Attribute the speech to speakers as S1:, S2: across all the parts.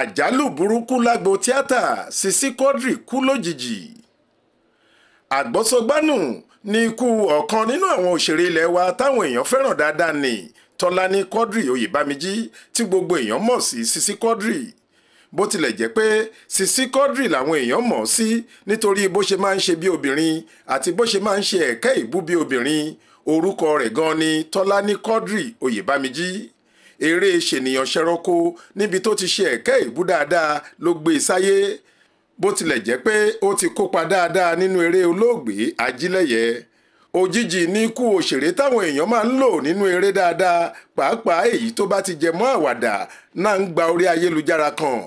S1: àjálù burúkú lágbo tíátà Sisi Quadri kú lójijì àgbọ́sọgbánù ni ikú ọ̀kan nínú àwọn òṣèré ilẹ̀ wa táwọn èèyàn fẹ́ràn dáadáa ni Tọ́lání Quadri Oyèbámijí tí gbogbo èèyàn mọ̀ sí Sisi Quadri bó tilẹ̀ jẹ́ pé Sisi Quadri làwọn èèyàn mọ̀ ọ́ sí nítorí bó ṣe máa ń ṣe bí obìnrin àti bó ṣe máa ń ṣe ẹ̀kẹ́ ìbú bí obìnrin orúkọ rẹ̀ gan ni Tọ́lání Quadri Oyèbámijí eré ṣènìyàn ṣẹranko níbi tó ti ṣe ẹ̀kẹ́ ìbú dáadáa ló gbé e sáyé bó tilẹ̀ jẹ́ pé ó ti kópa dáadáa nínú eré olóògbé ajílẹ̀yẹ òjijì ní ikú òṣèré táwọn èèyàn máa ń lò nínú eré dáadáa pàápàá èyí tó bá ti jẹ mọ́ àwàdà náà ń gba orí ayélujára kan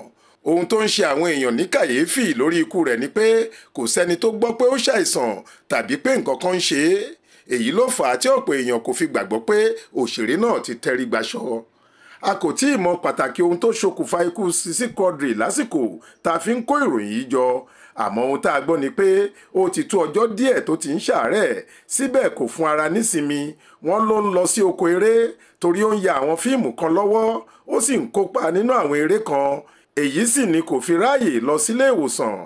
S1: ohun tó ń ṣe àwọn èèyàn ní kàyéfì lórí ikú rẹ̀ ni pé kò sẹ́ni tó gbọ́ pé ó ṣàìsàn tàbí pé nǹkan kan ń ṣe èyí ló fà á tí ọ̀pọ̀ èèyàn kò fi gbàgbọ́ pé òṣèré náà ti tẹrí gbaṣọ a kò tí ì mọ pàtàkì ohun tó ṣokùnfà ikú Sisi Quadri lásìkò tá a fi ń kó ìròyìn yìí jọ àmọ́ ohun tá a gbọ́ ni pé ó ti tó ọjọ́ díẹ̀ tó ti ń ṣàárẹ̀ síbẹ̀ kò fún ara nísinmi wọ́n ló ń lọ sí oko eré torí ó ń ya àwọn fíìmù kan lọ́wọ́ ó sì ń kópa nínú àwọn eré kan èyí sì ni kò fi ráàyè lọ sílé ìwòsàn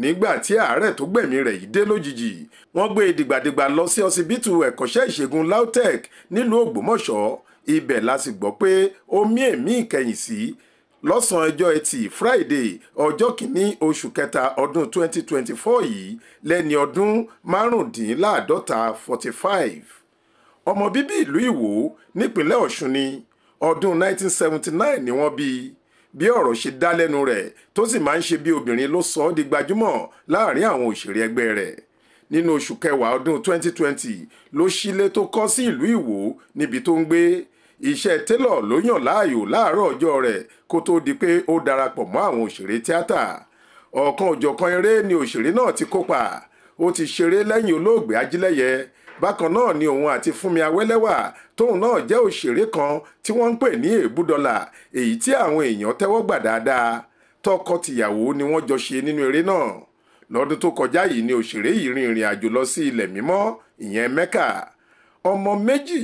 S1: nígbà tí àárẹ̀ tó gbẹ̀mí rẹ̀ yìí dé lójijì wọ́n gbé e dìgbàdìgbà lọ sí ọsibítù ẹ̀kọ́ṣẹ́ ìṣègùn LAUTECH nílùú Ògbómọ̀ṣọ́ ibẹ̀ la sì gbọ́ pé omi èémí ìkẹyìn sí lọ́sàn-án ọjọ́ ẹtì friday ọjọ́ kìíní oṣù kẹta ọdún 2024 yìí lẹ́ni ọdún márùndínláàdọ́ta 45 ọmọ bíbí ìlú ìwò nípínlẹ̀ ọ̀ṣun ni ọdún 1979 ni wọ́n bí i bí ọ̀rọ̀ ṣe dá lẹ́nu rẹ̀ tó sì máa ń ṣe bí obìnrin ló sọ ọ́ di gbajúmọ̀ láàrin àwọn òṣèré ẹgbẹ́ rẹ̀ nínú oṣù kẹwàá ọdún 2020 ló ṣílé tó kọ́ sí ìlú Ìwó níbi tó ń gbé iṣẹ́ télọ̀ ló yàn láàyò láàárọ̀ ọjọ́ rẹ̀ kó tó di pé ó darapọ̀ mọ́ àwọn òṣèré tíátà ọ̀kan òjọ̀kan eré ni òṣèré náà ti kópa ó ti ṣeré lẹ́yìn olóògbé Ajílẹ́yẹ bákan náà ni òun àti Fúnmi Awẹ́lẹ́wà tóun náà jẹ́ òṣèré kan tí wọ́n ń pè ní èbúdọ́là èyí tí àwọn èèyàn tẹ́wọ́ gbà dáadáa tọkọ ni wọ́n jọ ṣe nínú eré náà lọ́dún tó kọjá yìí ni òṣèré yìí rin ìrìn àjò lọ sí ilẹ̀ mímọ́ ìyẹn mẹ́kà ọmọ méjì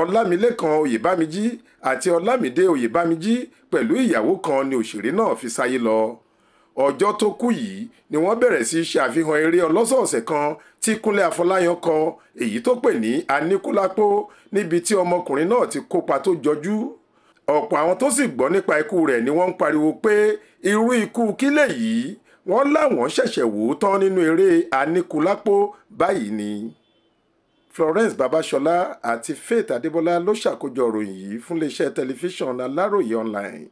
S1: ọlámilékan oyèbámijí àti ọlámídé oyèbámijí pẹ̀lú ìyàwó kan ni òṣèré náà fi sáyé lọ ọjọ́ tó kú yìí ni wọ́n bẹ̀rẹ̀ sí ṣe àfihàn eré ọlọ́sọ̀ọ̀sẹ̀ kan tí kúnlé afọláyan kọ èyí tó pè ní aníkúlápó níbi tí ọmọkùnrin náà ti kópa tó jọjú ọ̀pọ̀ àwọn tó sì gbọ́ nípa ikú rẹ̀ ni wọ́n ń pariwo pé irú ikú kílẹ̀ yìí wọ́n láwọn ṣẹ̀ṣẹ̀ wò ó tán nínú eré aníkúlápó báyìí ni Florence Babasola àti Faith Adébọlá ló ṣàkójọ ìròyìn yìí fún iléeṣẹ́ tẹlifíṣàn Aláròye online.